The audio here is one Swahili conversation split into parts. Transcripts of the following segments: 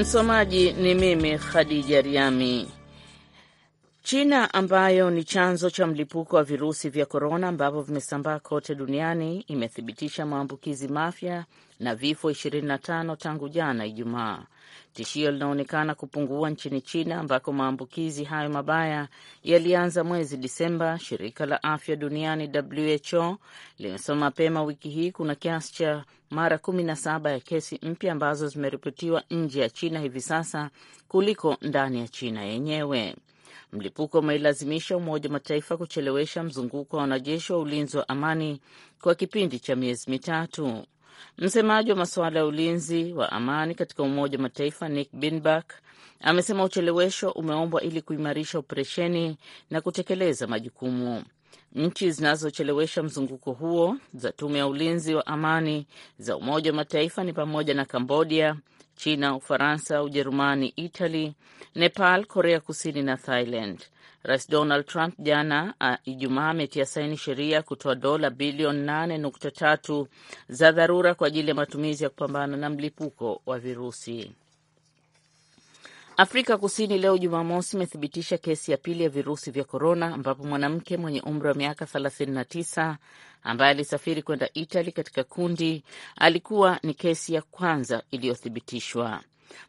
Msomaji ni mimi Khadija Riami. China ambayo ni chanzo cha mlipuko wa virusi vya korona ambavyo vimesambaa kote duniani imethibitisha maambukizi mafya na vifo 25 tangu jana Ijumaa. Tishio linaonekana kupungua nchini China ambako maambukizi hayo mabaya yalianza mwezi Disemba. Shirika la afya duniani WHO limesema mapema wiki hii kuna kiasi cha mara 17 ya kesi mpya ambazo zimeripotiwa nje ya China hivi sasa kuliko ndani ya China yenyewe. Mlipuko umeilazimisha Umoja wa Mataifa kuchelewesha mzunguko wa wanajeshi wa ulinzi wa amani kwa kipindi cha miezi mitatu. Msemaji wa masuala ya ulinzi wa amani katika Umoja wa Mataifa Nick Binback amesema uchelewesho umeombwa ili kuimarisha operesheni na kutekeleza majukumu. Nchi zinazochelewesha mzunguko huo za tume ya ulinzi wa amani za Umoja wa Mataifa ni pamoja na Kambodia, China, Ufaransa, Ujerumani, Italy, Nepal, Korea Kusini na Thailand. Rais Donald Trump jana Ijumaa ametia saini sheria kutoa dola bilioni 8.3 za dharura kwa ajili ya matumizi ya kupambana na mlipuko wa virusi. Afrika Kusini leo Jumamosi imethibitisha kesi ya pili ya virusi vya korona, ambapo mwanamke mwenye umri wa miaka 39 ambaye alisafiri kwenda Itali katika kundi alikuwa ni kesi ya kwanza iliyothibitishwa.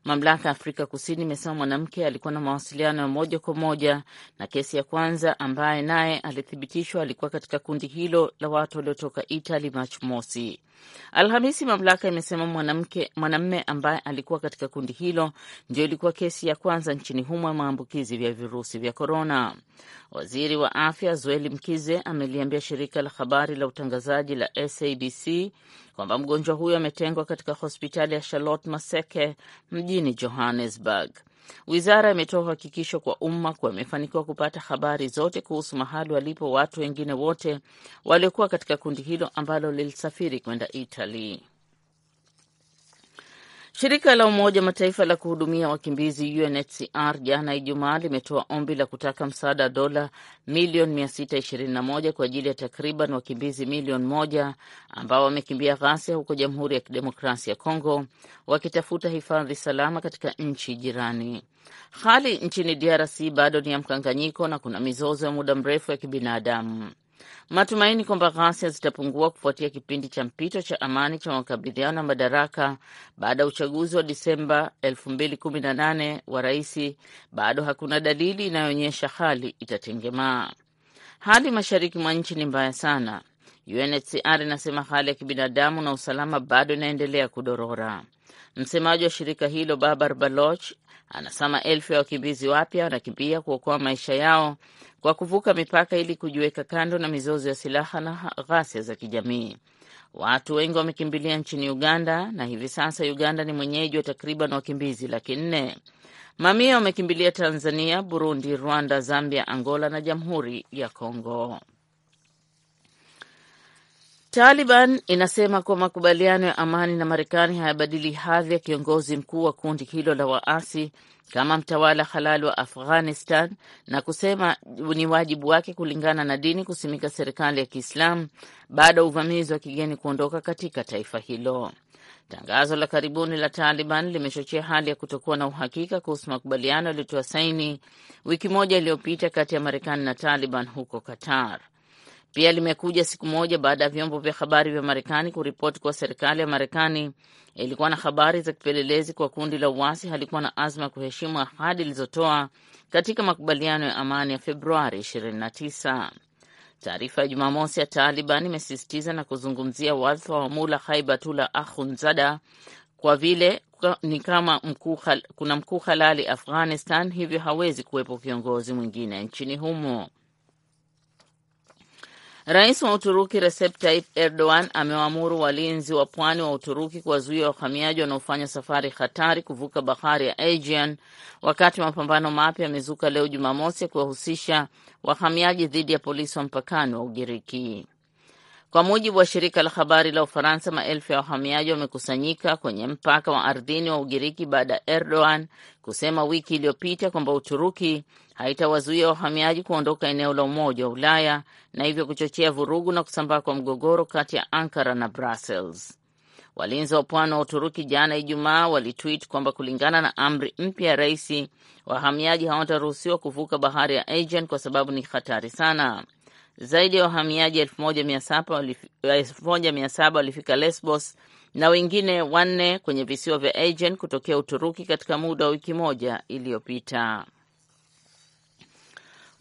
Mamlaka ya Afrika Kusini imesema mwanamke alikuwa na mawasiliano ya moja kwa moja na kesi ya kwanza ambaye naye alithibitishwa alikuwa katika kundi hilo la watu waliotoka Itali Machi mosi. Alhamisi mamlaka imesema mwanamke mwanamme ambaye alikuwa katika kundi hilo ndio ilikuwa kesi ya kwanza nchini humo ya maambukizi ya virusi vya korona. Waziri wa afya Zweli Mkize ameliambia shirika la habari la utangazaji la SABC kwamba mgonjwa huyo ametengwa katika hospitali ya Charlotte Maseke mjini Johannesburg. Wizara imetoa uhakikisho kwa umma kuwa imefanikiwa kupata habari zote kuhusu mahali walipo watu wengine wote waliokuwa katika kundi hilo ambalo lilisafiri kwenda Italy. Shirika la Umoja Mataifa la kuhudumia wakimbizi UNHCR jana Ijumaa limetoa ombi la kutaka msaada wa dola milioni 621 kwa ajili ya takriban wakimbizi milioni moja ambao wamekimbia ghasia huko Jamhuri ya Kidemokrasia ya Kongo wakitafuta hifadhi salama katika nchi jirani. Hali nchini DRC bado ni ya mkanganyiko na kuna mizozo ya muda mrefu ya kibinadamu matumaini kwamba ghasia zitapungua kufuatia kipindi cha mpito cha amani cha makabidhiano ya madaraka baada ya uchaguzi wa Disemba 2018 wa raisi bado hakuna dalili inayoonyesha hali itatengemaa. Hali mashariki mwa nchi ni mbaya sana. UNHCR inasema hali ya kibinadamu na usalama bado inaendelea kudorora. Msemaji wa shirika hilo Babar Baloch anasema elfu ya wakimbizi wapya wanakimbia kuokoa maisha yao kwa kuvuka mipaka ili kujiweka kando na mizozo ya silaha na ghasia za kijamii. Watu wengi wamekimbilia nchini Uganda na hivi sasa Uganda ni mwenyeji wa takriban wakimbizi laki nne. Mamia wamekimbilia Tanzania, Burundi, Rwanda, Zambia, Angola na Jamhuri ya Kongo. Taliban inasema kuwa makubaliano ya amani na Marekani hayabadili hadhi ya kiongozi mkuu wa kundi hilo la waasi kama mtawala halali wa Afghanistan na kusema ni wajibu wake kulingana na dini kusimika serikali ya Kiislamu baada ya uvamizi wa kigeni kuondoka katika taifa hilo. Tangazo la karibuni la Taliban limechochea hali ya kutokuwa na uhakika kuhusu makubaliano yaliyotoa saini wiki moja iliyopita kati ya Marekani na Taliban huko Qatar. Pia limekuja siku moja baada ya vyombo vya habari vya Marekani kuripoti kuwa serikali ya Marekani ilikuwa na habari za kipelelezi kwa kundi la uasi halikuwa na azma ya kuheshimu ahadi ilizotoa katika makubaliano ya amani ya Februari 29. Taarifa ya Jumamosi ya Taliban imesisitiza na kuzungumzia wadhifa wa Mula haibatula ahunzada kwa vile ni kama mkuu, kuna mkuu halali Afghanistan, hivyo hawezi kuwepo kiongozi mwingine nchini humo. Rais wa Uturuki Recep Tayyip Erdogan amewaamuru walinzi wa pwani wa Uturuki kuwazuia wahamiaji wanaofanya safari hatari kuvuka bahari ya Aegean, wakati mapambano mapya yamezuka leo Jumamosi ya kuwahusisha wahamiaji dhidi ya polisi wa mpakani wa Ugiriki. Kwa mujibu wa shirika la habari la Ufaransa, maelfu ya wahamiaji wamekusanyika kwenye mpaka wa ardhini wa Ugiriki baada ya Erdogan kusema wiki iliyopita kwamba Uturuki haitawazuia wahamiaji kuondoka eneo la Umoja wa Ulaya na hivyo kuchochea vurugu na kusambaa kwa mgogoro kati ya Ankara na Brussels. Walinzi wa pwani wa Uturuki jana Ijumaa walitwit kwamba kulingana na amri mpya ya raisi, wahamiaji hawataruhusiwa kuvuka bahari ya Aegean kwa sababu ni hatari sana. Zaidi ya wahamiaji elfu walifika Lesbos na wengine wanne kwenye visiwa vya Aegean kutokea Uturuki katika muda wa wiki moja iliyopita.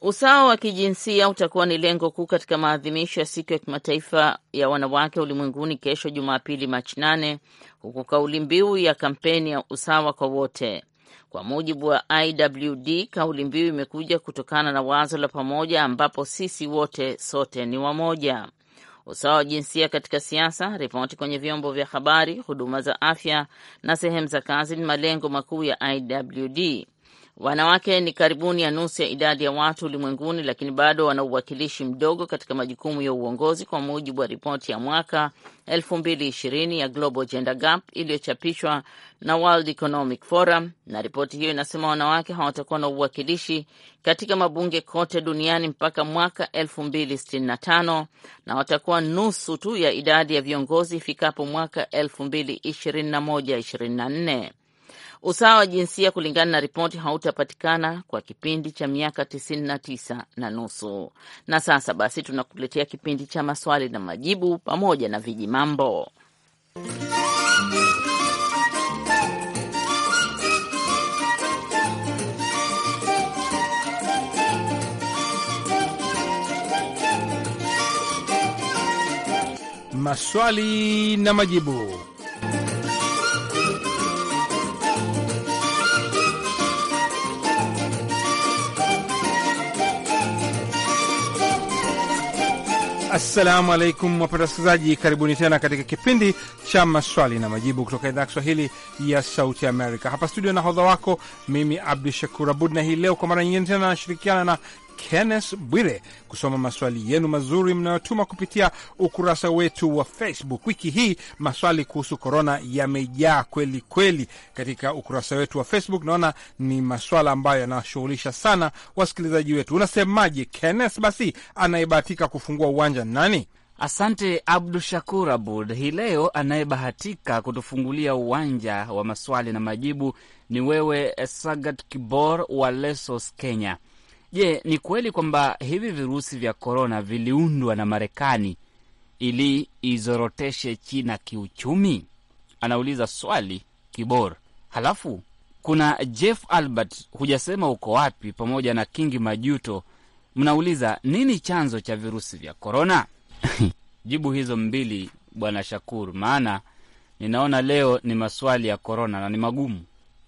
Usawa wa kijinsia utakuwa ni lengo kuu katika maadhimisho ya siku ya kimataifa ya wanawake ulimwenguni kesho Jumapili, Machi nane, huku kauli mbiu ya kampeni ya usawa kwa wote. Kwa mujibu wa IWD, kauli mbiu imekuja kutokana na wazo la pamoja ambapo sisi wote sote ni wamoja. Usawa wa jinsia katika siasa, ripoti kwenye vyombo vya habari, huduma za afya na sehemu za kazi ni malengo makuu ya IWD. Wanawake ni karibuni ya nusu ya idadi ya watu ulimwenguni, lakini bado wana uwakilishi mdogo katika majukumu ya uongozi, kwa mujibu wa ripoti ya mwaka 2020 ya Global Gender Gap iliyochapishwa na World Economic Forum. Na ripoti hiyo inasema wanawake hawatakuwa na uwakilishi katika mabunge kote duniani mpaka mwaka 2065 na watakuwa nusu tu ya idadi ya viongozi ifikapo mwaka 2021-24. Usawa wa jinsia kulingana na ripoti hautapatikana kwa kipindi cha miaka tisini na tisa na nusu. Na sasa basi, tunakuletea kipindi cha maswali na majibu pamoja na viji mambo. Maswali na majibu. Assalamu alaikum wapenda wasikilizaji, karibuni tena katika kipindi cha maswali na majibu kutoka idhaa ya Kiswahili ya Sauti Amerika. Hapa studio nahodha wako mimi Abdu Shakur Abud, na hii leo kwa mara nyingine tena nashirikiana na Kenneth Bwire kusoma maswali yenu mazuri mnayotuma kupitia ukurasa wetu wa Facebook. Wiki hii maswali kuhusu korona yamejaa kweli kweli katika ukurasa wetu wa Facebook. Naona ni maswala ambayo yanashughulisha sana wasikilizaji wetu. Unasemaje Kenneth? Basi anayebahatika kufungua uwanja nani? Asante Abdu Shakur Abud. Hii leo anayebahatika kutufungulia uwanja wa maswali na majibu ni wewe Sagat Kibor wa Lesos, Kenya. Je, ni kweli kwamba hivi virusi vya korona viliundwa na Marekani ili izoroteshe China kiuchumi? Anauliza swali kibor. Halafu kuna Jeff Albert, hujasema uko wapi, pamoja na Kingi Majuto, mnauliza nini chanzo cha virusi vya korona? Jibu hizo mbili Bwana shakur maana ninaona leo ni maswali ya korona na ni magumu.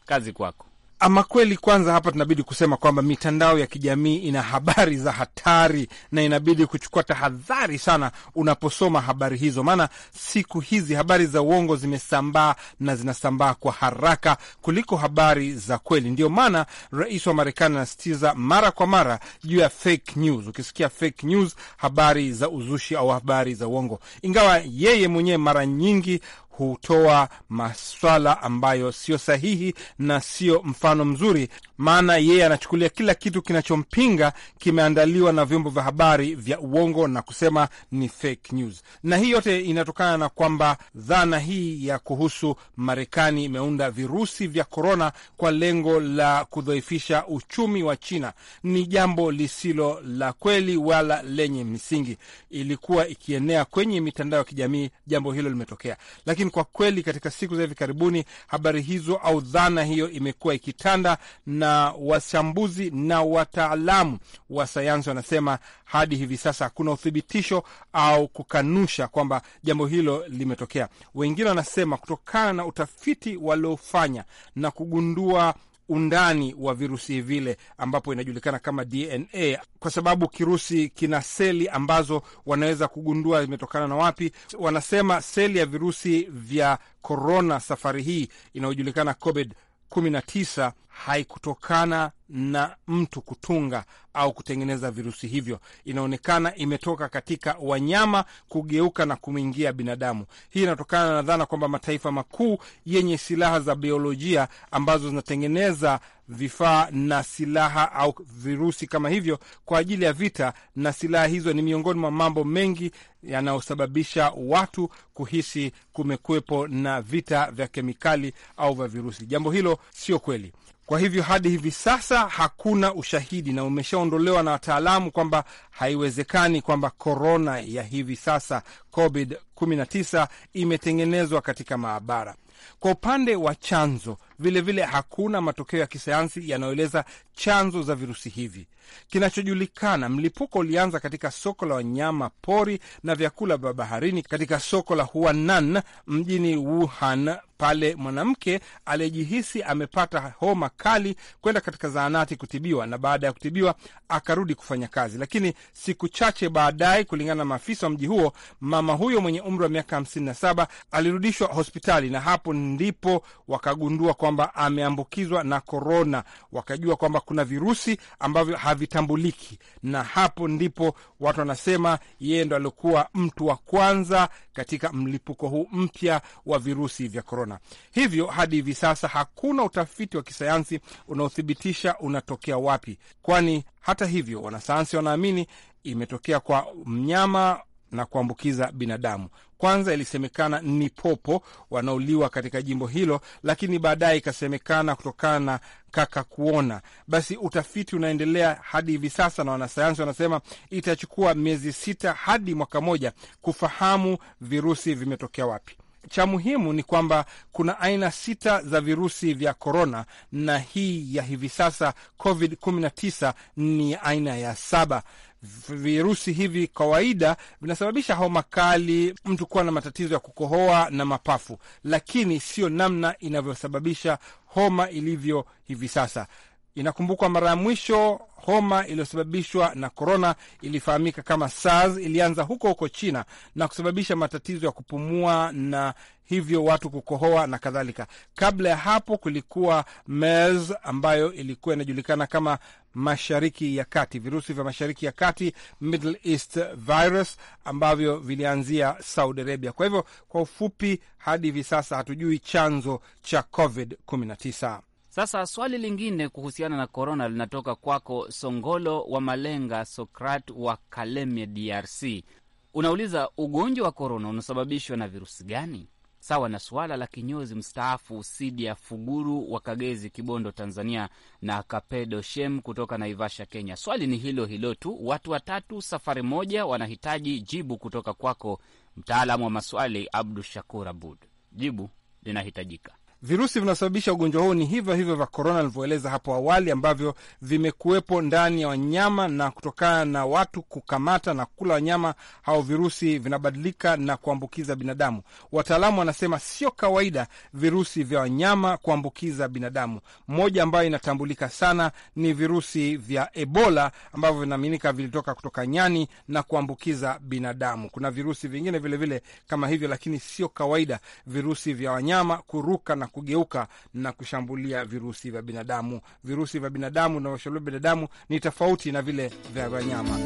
Kazi kwako. Ama kweli, kwanza hapa tunabidi kusema kwamba mitandao ya kijamii ina habari za hatari na inabidi kuchukua tahadhari sana unaposoma habari hizo, maana siku hizi habari za uongo zimesambaa na zinasambaa kwa haraka kuliko habari za kweli. Ndio maana rais wa Marekani anasisitiza mara kwa mara juu ya fake news. Ukisikia fake news, habari za uzushi au habari za uongo, ingawa yeye mwenyewe mara nyingi hutoa maswala ambayo sio sahihi na sio mfano mzuri maana yeye anachukulia kila kitu kinachompinga kimeandaliwa na vyombo vya habari vya uongo na kusema ni fake news. Na hii yote inatokana na kwamba dhana hii ya kuhusu Marekani imeunda virusi vya korona kwa lengo la kudhoifisha uchumi wa China ni jambo lisilo la kweli wala lenye misingi. Ilikuwa ikienea kwenye mitandao ya kijamii, jambo hilo limetokea, lakini kwa kweli katika siku za hivi karibuni habari hizo au dhana hiyo imekuwa ikitanda na na wachambuzi na wataalamu wa sayansi wanasema hadi hivi sasa hakuna uthibitisho au kukanusha kwamba jambo hilo limetokea. Wengine wanasema kutokana na utafiti waliofanya na kugundua undani wa virusi vile ambapo inajulikana kama DNA, kwa sababu kirusi kina seli ambazo wanaweza kugundua zimetokana na wapi. Wanasema seli ya virusi vya korona safari hii inayojulikana COVID 19 haikutokana na mtu kutunga au kutengeneza virusi hivyo. Inaonekana imetoka katika wanyama kugeuka na kumwingia binadamu. Hii inatokana na dhana kwamba mataifa makuu yenye silaha za biolojia ambazo zinatengeneza vifaa na silaha au virusi kama hivyo kwa ajili ya vita, na silaha hizo ni miongoni mwa mambo mengi yanayosababisha watu kuhisi kumekuwepo na vita vya kemikali au vya virusi. Jambo hilo sio kweli. Kwa hivyo hadi hivi sasa hakuna ushahidi na umeshaondolewa na wataalamu kwamba haiwezekani kwamba korona ya hivi sasa COVID 19 imetengenezwa katika maabara. Kwa upande wa chanzo, vilevile vile hakuna matokeo ya kisayansi yanayoeleza chanzo za virusi hivi. Kinachojulikana, mlipuko ulianza katika soko la wanyama pori na vyakula vya baharini katika soko la Huanan mjini Wuhan, pale mwanamke aliyejihisi amepata homa kali kwenda katika zahanati kutibiwa, na baada ya kutibiwa akarudi kufanya kazi. Lakini siku chache baadaye, kulingana na maafisa wa mji huo, mama huyo mwenye umri wa miaka 57 alirudishwa hospitali, na hapo ndipo wakagundua kwamba ameambukizwa na korona. Wakajua kwamba kuna virusi ambavyo havitambuliki, na hapo ndipo watu wanasema yeye ndo alikuwa mtu wa kwanza katika mlipuko huu mpya wa virusi vya korona korona. Hivyo hadi hivi sasa hakuna utafiti wa kisayansi unaothibitisha unatokea wapi, kwani hata hivyo wanasayansi wanaamini imetokea kwa mnyama na kuambukiza binadamu. Kwanza ilisemekana ni popo wanaoliwa katika jimbo hilo, lakini baadaye ikasemekana kutokana na kaka kuona. Basi utafiti unaendelea hadi hivi sasa, na wanasayansi wanasema itachukua miezi sita hadi mwaka moja kufahamu virusi vimetokea wapi cha muhimu ni kwamba kuna aina sita za virusi vya korona, na hii ya hivi sasa COVID-19 ni aina ya saba. Virusi hivi kawaida vinasababisha homa kali, mtu kuwa na matatizo ya kukohoa na mapafu, lakini sio namna inavyosababisha homa ilivyo hivi sasa. Inakumbukwa mara ya mwisho homa iliyosababishwa na korona ilifahamika kama SARS ilianza huko huko China na kusababisha matatizo ya kupumua na hivyo watu kukohoa na kadhalika. Kabla ya hapo kulikuwa MERS ambayo ilikuwa inajulikana kama mashariki ya kati, virusi vya mashariki ya kati, Middle East virus ambavyo vilianzia Saudi Arabia. Kwa hivyo, kwa ufupi, hadi hivi sasa hatujui chanzo cha COVID 19. Sasa swali lingine kuhusiana na korona linatoka kwako Songolo wa Malenga Sokrat wa Kalemie, DRC. Unauliza, ugonjwa wa korona unasababishwa na virusi gani? Sawa na suala la kinyozi mstaafu Sidia Fuguru wa Kagezi, Kibondo, Tanzania, na Kapedo Shem kutoka Naivasha, Kenya. Swali ni hilo hilo tu, watu watatu safari moja wanahitaji jibu kutoka kwako, mtaalamu wa maswali Abdu Shakur Abud. Jibu linahitajika. Virusi vinaosababisha ugonjwa huu ni hivyo hivyo vya korona alivyoeleza hapo awali, ambavyo vimekuwepo ndani ya wanyama na kutokana na watu kukamata na kula wanyama hao, virusi vinabadilika na kuambukiza binadamu. Wataalamu wanasema sio kawaida virusi vya wanyama kuambukiza binadamu. Moja ambayo inatambulika sana ni virusi vya Ebola ambavyo vinaaminika vilitoka kutoka nyani na kuambukiza binadamu. Kuna virusi vingine vilevile vile kama hivyo, lakini sio kawaida virusi vya wanyama kuruka na kugeuka na kushambulia virusi vya binadamu. Virusi vya binadamu na binadamu ni tofauti na vile vya wanyama.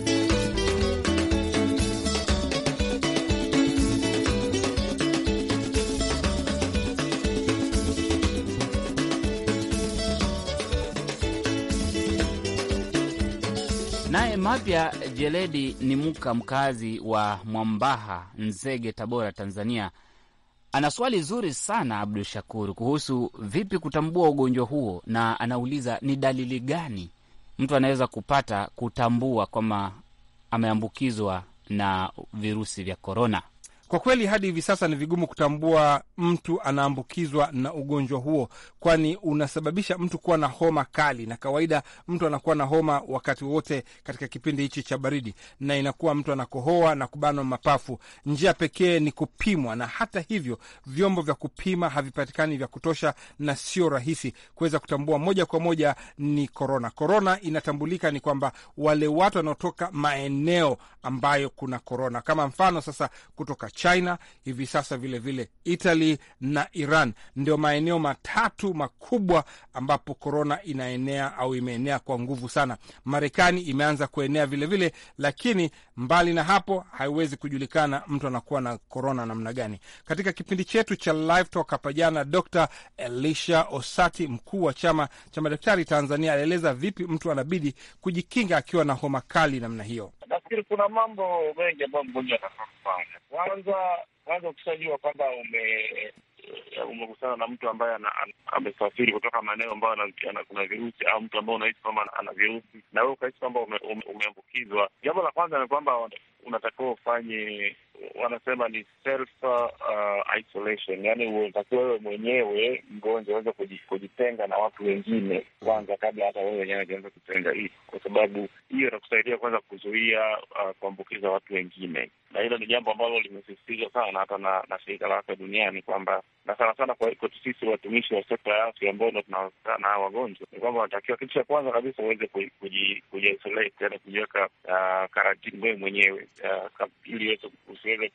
Naye Mapya Jeledi ni Muka, mkazi wa Mwambaha, Nzege, Tabora, Tanzania ana swali zuri sana Abdu Shakur kuhusu vipi kutambua ugonjwa huo, na anauliza ni dalili gani mtu anaweza kupata kutambua kwamba ameambukizwa na virusi vya korona. Kwa kweli hadi hivi sasa ni vigumu kutambua mtu anaambukizwa na ugonjwa huo, kwani unasababisha mtu kuwa na homa kali, na kawaida mtu anakuwa na homa wakati wote katika kipindi hichi cha baridi, na inakuwa mtu anakohoa na kubanwa mapafu. Njia pekee ni kupimwa, na hata hivyo vyombo vya kupima havipatikani vya kutosha, na sio rahisi kuweza kutambua moja kwa moja ni korona. Korona inatambulika ni kwamba wale watu wanaotoka maeneo ambayo kuna korona, kama mfano sasa kutoka China hivi sasa, vilevile vile Italy na Iran ndio maeneo matatu makubwa ambapo korona inaenea au imeenea kwa nguvu sana. Marekani imeanza kuenea vilevile vile, lakini mbali na hapo haiwezi kujulikana mtu anakuwa na korona namna gani. Katika kipindi chetu cha Live Talk hapa jana, Dr Elisha Osati, mkuu wa chama cha madaktari Tanzania, alieleza vipi mtu anabidi kujikinga akiwa na homa kali namna hiyo nafikiri kuna mambo mengi ambayo mgonjwa anafaa kufanya. Kwanza kwanza, ukishajua kwamba ume umekutana na mtu ambaye amesafiri kutoka maeneo ambayo kuna virusi au mtu ambaye unahisi kwamba ana virusi na wewe ukahisi kwamba umeambukizwa, jambo la kwanza ni kwamba unatakiwa ufanye wanasema ni self uh, isolation, yani unatakiwa wewe mwenyewe mgonjwa uweze kujitenga na watu wengine kwanza, kabla hata wewe wenyewe ujaanza kutenga hii, kwa sababu hiyo itakusaidia kwanza kuzuia uh, kuambukiza watu wengine na hilo ni jambo ambalo limesisitizwa sana hata na, na shirika la afya duniani kwamba na sana sana kwetu sisi watumishi wa sekta ya afya ambao ndo tunawakutana na hawa wagonjwa ni kwamba wanatakiwa kitu cha kwanza kabisa uweze kujiisolate, yaani kujiweka ah, karantini wewe mwenyewe ah, ili usiweze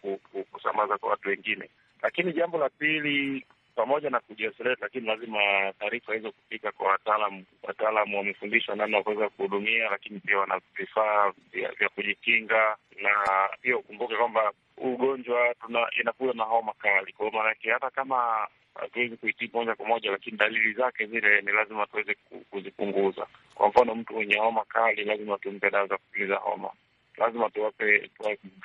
kusambaza kwa watu wengine. Lakini jambo la pili pamoja na kujioseleti, lakini lazima taarifa hizo kufika kwa wataalam. Wataalam wamefundishwa namna kuweza kuhudumia, lakini pia wana vifaa vya kujikinga, na pia ukumbuke kwamba ugonjwa inakuwa na homa kali, kwa maana yake hata kama hatuwezi kuitibu moja kwa moja, lakini dalili zake zile ni lazima tuweze kuzipunguza. Kwa mfano, mtu mwenye homa kali lazima tumpe dawa za kutuliza homa lazima tuwape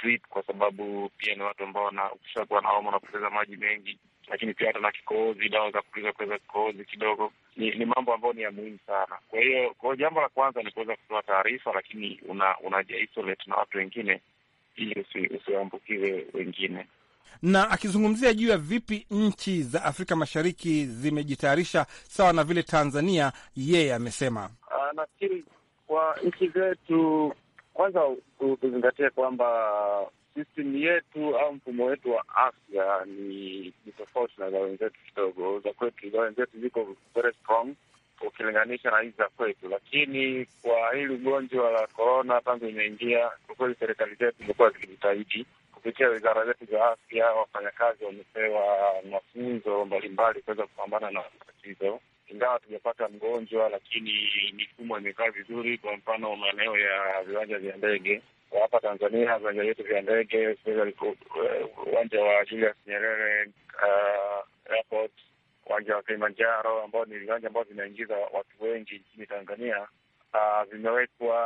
drip, kwa sababu pia ni watu ambao ukishakuwa na homa unapoteza maji mengi, lakini pia hata na kikohozi, dawa za kutuliza kuweza kikohozi kidogo ni, ni mambo ambayo ni ya muhimu sana. Kwa hiyo kwa jambo la kwanza ni kuweza kutoa taarifa, lakini una, unaja isolate na watu wengine ili usiwaambukize wengine na akizungumzia juu ya vipi nchi za Afrika Mashariki zimejitayarisha sawa na vile Tanzania, yeye amesema ah, nafikiri kwa nchi zetu kwanza tuzingatie kwamba sistemu yetu au mfumo wetu wa afya ni, ni tofauti na za wenzetu kidogo. Za kwetu za wenzetu ziko very strong ukilinganisha na hizi za kwetu, lakini kwa hili ugonjwa la korona tangu imeingia, kwa kweli serikali zetu zimekuwa zikijitahidi kupitia wizara zetu za afya, wafanyakazi wamepewa mafunzo mbalimbali kuweza kupambana na tatizo ingawa tumepata mgonjwa, lakini mifumo imekaa vizuri. Kwa mfano maeneo ya viwanja vya ndege kwa hapa Tanzania, viwanja vyetu vya ndege, eh, uwanja wa Julius Nyerere uh, airport, uwanja wa Kilimanjaro ambao ni viwanja ambao vinaingiza watu wengi nchini Tanzania, uh, vimewekwa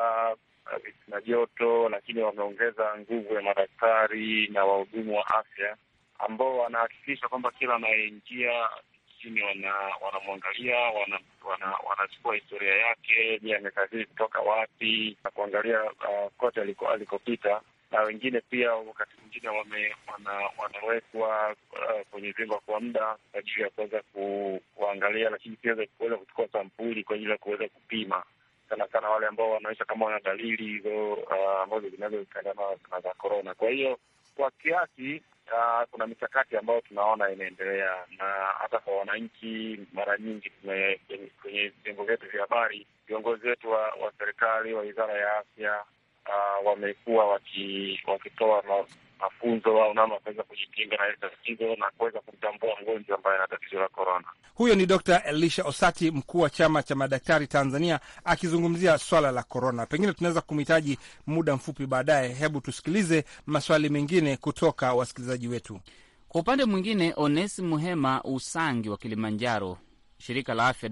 uh, na joto, lakini wameongeza nguvu ya madaktari na wahudumu wa afya ambao wanahakikisha kwamba kila anayeingia chini, wanamwangalia wana wanachukua wana, wana historia yake, je, amekazini kutoka wapi na kuangalia uh, kote alikopita na wengine pia wakati mwingine wana, wanawekwa uh, kwenye vyumba kwa muda kwa ajili ya kuweza ku, kuangalia, lakini pia kuweza kuchukua sampuli kwa ajili ya kuweza kupima sana sana wale ambao wanaonyesha kama wana dalili hizo uh, ambazo zinazo na za korona. Kwa hiyo kwa kiasi uh, kuna mikakati ambayo tunaona inaendelea, na hata kwa wananchi, mara nyingi kwenye vitengo vyetu vya habari, viongozi wetu wa, wa serikali wa wizara ya afya uh, wamekuwa wakitoa waki mafunzo au namna kuweza kujikinga na ile tatizo na kuweza kumtambua mgonjwa ambaye ana tatizo la korona. Huyo ni Dr. Elisha Osati, mkuu wa chama cha madaktari Tanzania, akizungumzia swala la korona. Pengine tunaweza kumhitaji muda mfupi baadaye. Hebu tusikilize maswali mengine kutoka wasikilizaji wetu. Kwa upande mwingine, Onesi Hema Usangi wa Kilimanjaro, shirika la afya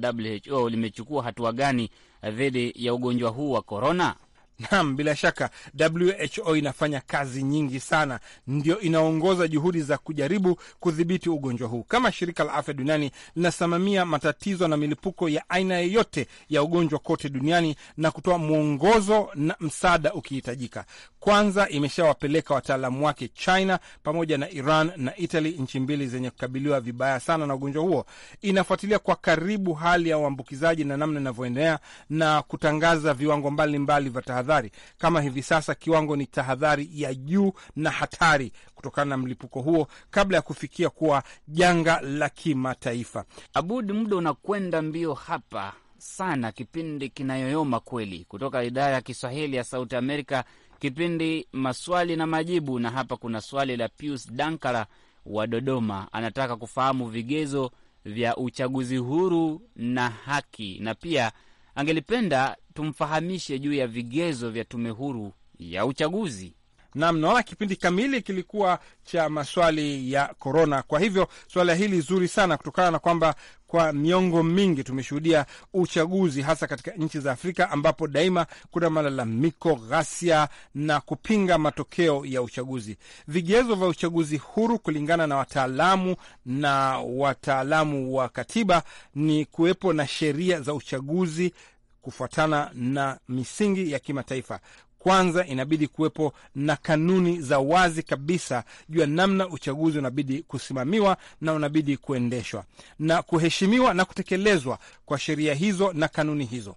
WHO limechukua hatua gani dhidi ya ugonjwa huu wa korona? Naam, bila shaka WHO inafanya kazi nyingi sana, ndio inaongoza juhudi za kujaribu kudhibiti ugonjwa huu. Kama shirika la afya duniani linasimamia matatizo na milipuko ya aina yeyote ya ugonjwa kote duniani na kutoa mwongozo na msaada ukihitajika. Kwanza imeshawapeleka wataalamu wake China pamoja na Iran na Italy, nchi mbili zenye kukabiliwa vibaya sana na ugonjwa huo. Inafuatilia kwa karibu hali ya uambukizaji na namna inavyoendelea na kutangaza viwango mbalimbali vya tahadhari. Kama hivi sasa kiwango ni tahadhari ya juu na hatari kutokana na mlipuko huo kabla ya kufikia kuwa janga la kimataifa. Abud, muda unakwenda mbio hapa sana. Kipindi kinayoyoma kweli, kutoka idara ya Kiswahili ya Sauti Amerika, kipindi maswali na majibu, na hapa kuna swali la Pius Dankala wa Dodoma, anataka kufahamu vigezo vya uchaguzi huru na haki na pia angelipenda tumfahamishe juu ya vigezo vya tume huru ya uchaguzi na mnaona kipindi kamili kilikuwa cha maswali ya korona. Kwa hivyo suala hili zuri sana, kutokana na kwamba kwa miongo mingi tumeshuhudia uchaguzi hasa katika nchi za Afrika ambapo daima kuna malalamiko, ghasia na kupinga matokeo ya uchaguzi. Vigezo vya uchaguzi huru kulingana na wataalamu na wataalamu wa katiba ni kuwepo na sheria za uchaguzi kufuatana na misingi ya kimataifa kwanza inabidi kuwepo na kanuni za wazi kabisa juu ya namna uchaguzi unabidi kusimamiwa na unabidi kuendeshwa na kuheshimiwa na kutekelezwa kwa sheria hizo na kanuni hizo.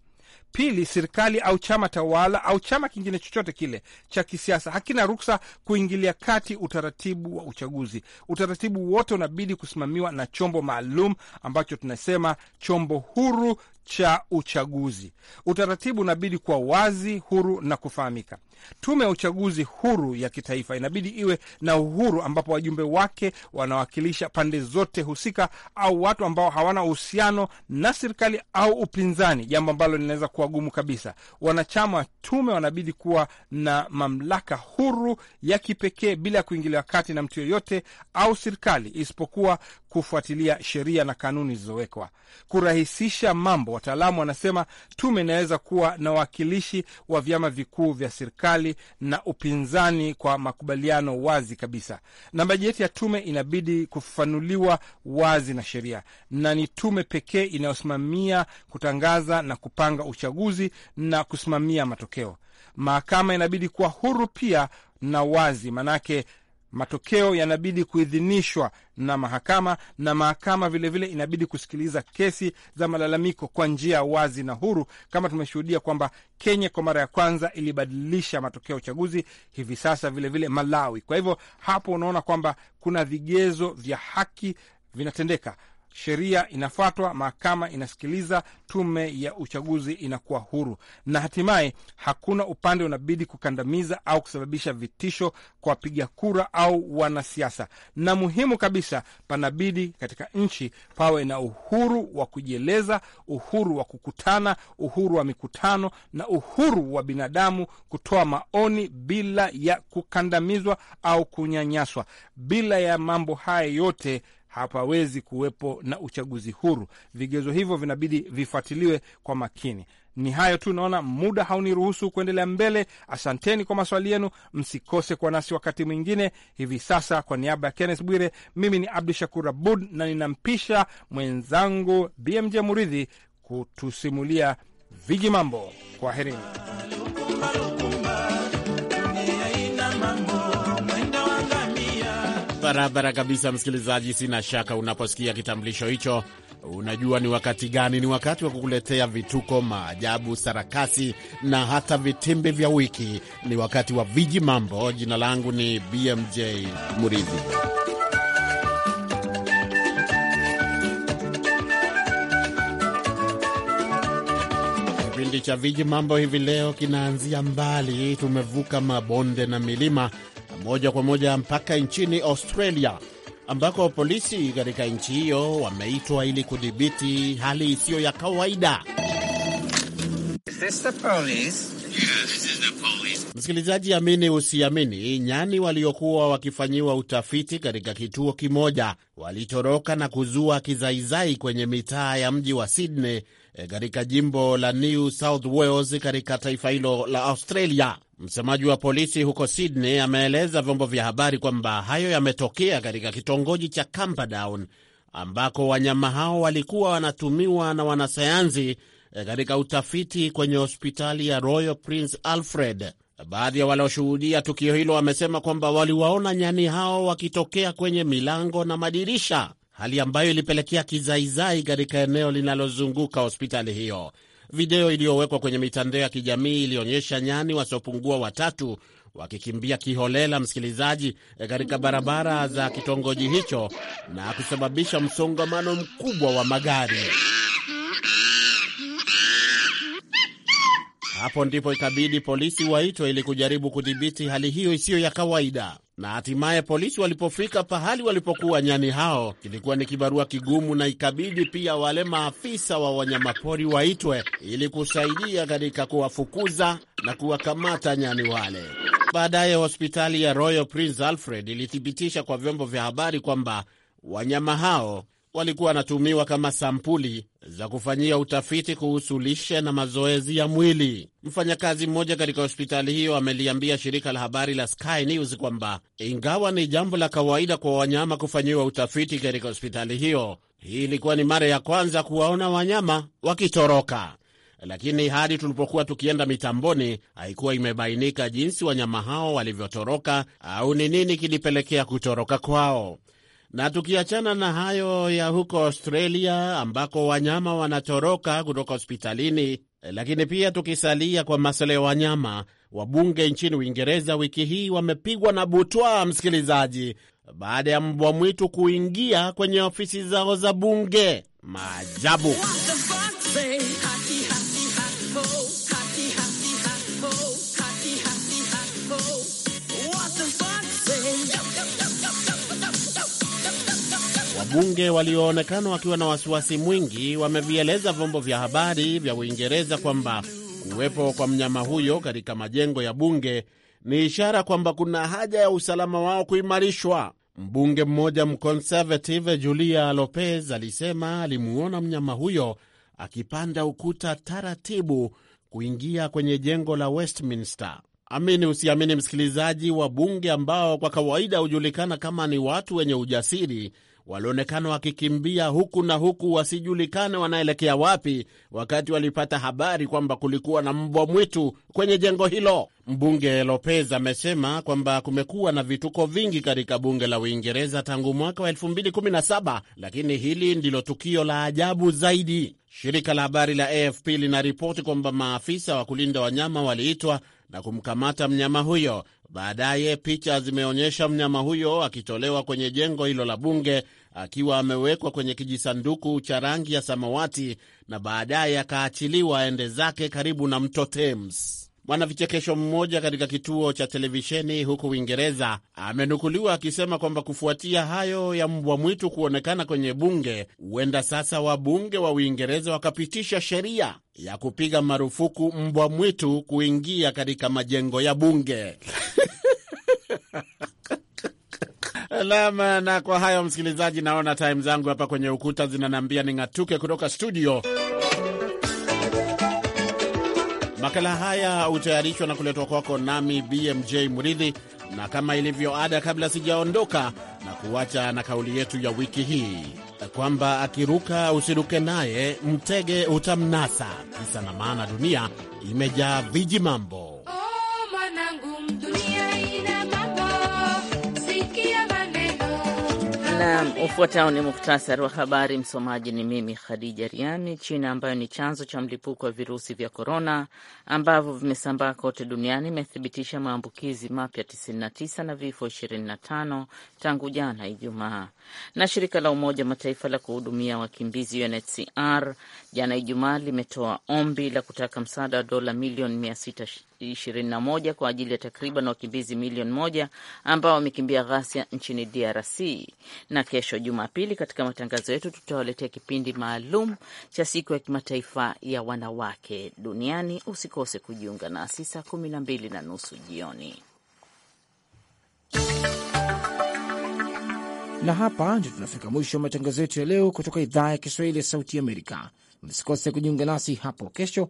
Pili, serikali au chama tawala au chama kingine chochote kile cha kisiasa hakina ruksa kuingilia kati utaratibu wa uchaguzi. Utaratibu wote unabidi kusimamiwa na chombo maalum ambacho tunasema chombo huru cha uchaguzi. Utaratibu unabidi kuwa wazi, huru na kufahamika. Tume ya uchaguzi huru ya kitaifa inabidi iwe na uhuru, ambapo wajumbe wake wanawakilisha pande zote husika au watu ambao hawana uhusiano na serikali au upinzani, jambo ambalo linaweza kuwa gumu kabisa. Wanachama wa tume wanabidi kuwa na mamlaka huru ya kipekee bila ya kuingiliwa kati na mtu yoyote au serikali, isipokuwa kufuatilia sheria na kanuni zilizowekwa, kurahisisha mambo Wataalamu wanasema tume inaweza kuwa na wawakilishi wa vyama vikuu vya serikali na upinzani kwa makubaliano wazi kabisa, na bajeti ya tume inabidi kufafanuliwa wazi na sheria, na ni tume pekee inayosimamia kutangaza na kupanga uchaguzi na kusimamia matokeo. Mahakama inabidi kuwa huru pia na wazi, manake matokeo yanabidi kuidhinishwa na mahakama, na mahakama vilevile vile inabidi kusikiliza kesi za malalamiko kwa njia wazi na huru, kama tumeshuhudia kwamba Kenya kwa mara ya kwanza ilibadilisha matokeo ya uchaguzi hivi sasa, vilevile Malawi. Kwa hivyo hapo unaona kwamba kuna vigezo vya haki vinatendeka sheria inafuatwa, mahakama inasikiliza, tume ya uchaguzi inakuwa huru, na hatimaye hakuna upande unabidi kukandamiza au kusababisha vitisho kwa wapiga kura au wanasiasa. Na muhimu kabisa, panabidi katika nchi pawe na uhuru wa kujieleza, uhuru wa kukutana, uhuru wa mikutano na uhuru wa binadamu kutoa maoni bila ya kukandamizwa au kunyanyaswa. Bila ya mambo haya yote hapawezi kuwepo na uchaguzi huru. Vigezo hivyo vinabidi vifuatiliwe kwa makini. Ni hayo tu, naona muda hauniruhusu kuendelea mbele. Asanteni kwa maswali yenu, msikose kwa nasi wakati mwingine. Hivi sasa, kwa niaba ya Kennes Bwire, mimi ni Abdu Shakur Abud na ninampisha mwenzangu BMJ Muridhi kutusimulia viji mambo. Kwaherini. Barabara kabisa, msikilizaji, sina shaka unaposikia kitambulisho hicho unajua ni wakati gani. Ni wakati wa kukuletea vituko, maajabu, sarakasi na hata vitimbi vya wiki. Ni wakati wa viji mambo. Jina langu ni BMJ Muridhi. Kipindi cha viji mambo hivi leo kinaanzia mbali, tumevuka mabonde na milima moja kwa moja mpaka nchini Australia ambako polisi katika nchi hiyo wameitwa ili kudhibiti hali isiyo ya kawaida. Msikilizaji, amini usiamini, nyani waliokuwa wakifanyiwa utafiti katika kituo kimoja walitoroka na kuzua kizaizai kwenye mitaa ya mji wa Sydney E, katika jimbo la New South Wales katika taifa hilo la Australia. Msemaji wa polisi huko Sydney ameeleza vyombo vya habari kwamba hayo yametokea katika kitongoji cha Camperdown ambako wanyama hao walikuwa wanatumiwa na wanasayansi e, katika utafiti kwenye hospitali ya Royal Prince Alfred. Baadhi ya walioshuhudia tukio hilo wamesema kwamba waliwaona nyani hao wakitokea kwenye milango na madirisha hali ambayo ilipelekea kizaizai katika eneo linalozunguka hospitali hiyo. Video iliyowekwa kwenye mitandao ya kijamii ilionyesha nyani wasiopungua watatu wakikimbia kiholela, msikilizaji, katika barabara za kitongoji hicho na kusababisha msongamano mkubwa wa magari. Hapo ndipo ikabidi polisi waitwe ili kujaribu kudhibiti hali hiyo isiyo ya kawaida na hatimaye polisi walipofika pahali walipokuwa nyani hao, kilikuwa ni kibarua kigumu, na ikabidi pia wale maafisa wa wanyamapori waitwe ili kusaidia katika kuwafukuza na kuwakamata nyani wale. Baadaye hospitali ya Royal Prince Alfred ilithibitisha kwa vyombo vya habari kwamba wanyama hao walikuwa wanatumiwa kama sampuli za kufanyia utafiti kuhusu lishe na mazoezi ya mwili. Mfanyakazi mmoja katika hospitali hiyo ameliambia shirika la habari la Sky News kwamba ingawa ni jambo la kawaida kwa wanyama kufanyiwa utafiti katika hospitali hiyo, hii ilikuwa ni mara ya kwanza kuwaona wanyama wakitoroka lakini hadi tulipokuwa tukienda mitamboni haikuwa imebainika jinsi wanyama hao walivyotoroka au ni nini kilipelekea kutoroka kwao. Na tukiachana na hayo ya huko Australia ambako wanyama wanatoroka kutoka hospitalini, lakini pia tukisalia kwa masuala ya wanyama, wabunge nchini Uingereza wiki hii wamepigwa na butwaa, msikilizaji, baada ya mbwa mwitu kuingia kwenye ofisi zao za bunge. Maajabu! Wabunge walioonekana wakiwa na wasiwasi mwingi wamevieleza vyombo vya habari vya Uingereza kwamba kuwepo kwa mnyama huyo katika majengo ya bunge ni ishara kwamba kuna haja ya usalama wao kuimarishwa. Mbunge mmoja mkonservative Julia Lopez alisema alimuona mnyama huyo akipanda ukuta taratibu kuingia kwenye jengo la Westminster. Amini usiamini, msikilizaji, wa bunge ambao kwa kawaida hujulikana kama ni watu wenye ujasiri walionekana wakikimbia huku na huku, wasijulikane wanaelekea wapi, wakati walipata habari kwamba kulikuwa na mbwa mwitu kwenye jengo hilo. Mbunge Lopez amesema kwamba kumekuwa na vituko vingi katika bunge la Uingereza tangu mwaka wa 2017 lakini hili ndilo tukio la ajabu zaidi. Shirika la habari la AFP linaripoti kwamba maafisa wa kulinda wanyama waliitwa na kumkamata mnyama huyo. Baadaye picha zimeonyesha mnyama huyo akitolewa kwenye jengo hilo la bunge akiwa amewekwa kwenye kijisanduku cha rangi ya samawati na baadaye akaachiliwa aende zake karibu na mto Thames. Mwanavichekesho mmoja katika kituo cha televisheni huko Uingereza amenukuliwa akisema kwamba kufuatia hayo ya mbwa mwitu kuonekana kwenye bunge, huenda sasa wabunge wa Uingereza wakapitisha sheria ya kupiga marufuku mbwa mwitu kuingia katika majengo ya bunge. Nam, na kwa hayo msikilizaji, naona time zangu hapa kwenye ukuta zinanambia ning'atuke kutoka studio. Makala haya hutayarishwa na kuletwa kwako nami BMJ Muridhi, na kama ilivyo ada, kabla sijaondoka na kuacha na kauli yetu ya wiki hii kwamba akiruka usiruke naye, mtege utamnasa. Kisa na maana, dunia imejaa viji mambo. na ufuatao ni muktasari wa habari. Msomaji ni mimi Khadija Riani. China ambayo ni chanzo cha mlipuko wa virusi vya korona ambavyo vimesambaa kote duniani imethibitisha maambukizi mapya 99 na vifo 25 tangu jana Ijumaa. Na shirika la Umoja wa Mataifa la kuhudumia wakimbizi UNHCR jana Ijumaa limetoa ombi la kutaka msaada wa dola milioni 21 kwa ajili ya takriban wakimbizi milioni moja ambao wamekimbia ghasia nchini DRC. Na kesho Jumapili, katika matangazo yetu tutawaletea kipindi maalum cha siku ya kimataifa ya wanawake duniani. Usikose kujiunga nasi saa kumi na mbili na nusu jioni. Na hapa ndio tunafika mwisho wa matangazo yetu ya leo kutoka idhaa ya Kiswahili ya Sauti Amerika. Msikose kujiunga nasi hapo kesho